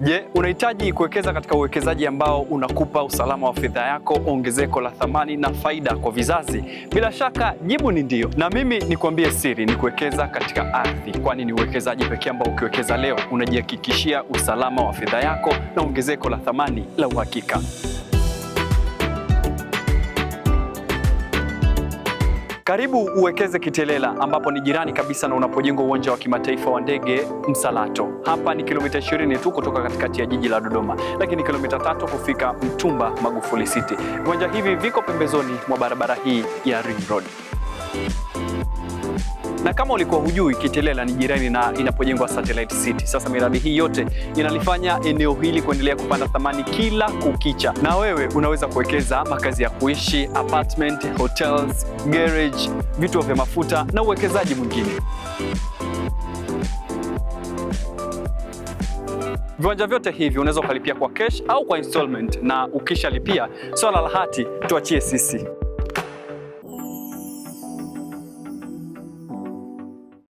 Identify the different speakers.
Speaker 1: Je, yeah, unahitaji kuwekeza katika uwekezaji ambao unakupa usalama wa fedha yako, ongezeko la thamani na faida kwa vizazi? Bila shaka jibu ni ndio, na mimi nikuambie siri, ni kuwekeza katika ardhi, kwani ni uwekezaji pekee ambao ukiwekeza leo unajihakikishia usalama wa fedha yako na ongezeko la thamani la uhakika. Karibu uwekeze Kitelela ambapo ni jirani kabisa na unapojengwa uwanja wa kimataifa wa ndege Msalato. Hapa ni kilomita 20 tu kutoka katikati ya jiji la Dodoma, lakini kilomita tatu kufika Mtumba Magufuli City. Viwanja hivi viko pembezoni mwa barabara hii ya Ring Road na kama ulikuwa hujui, Kitelela ni jirani na inapojengwa Satellite City. Sasa miradi hii yote inalifanya eneo hili kuendelea kupanda thamani kila kukicha, na wewe unaweza kuwekeza makazi ya kuishi, apartment, hotels, garage, vituo vya mafuta na uwekezaji mwingine. Viwanja vyote hivi unaweza ukalipia kwa cash au kwa installment, na ukishalipia swala la hati tuachie sisi.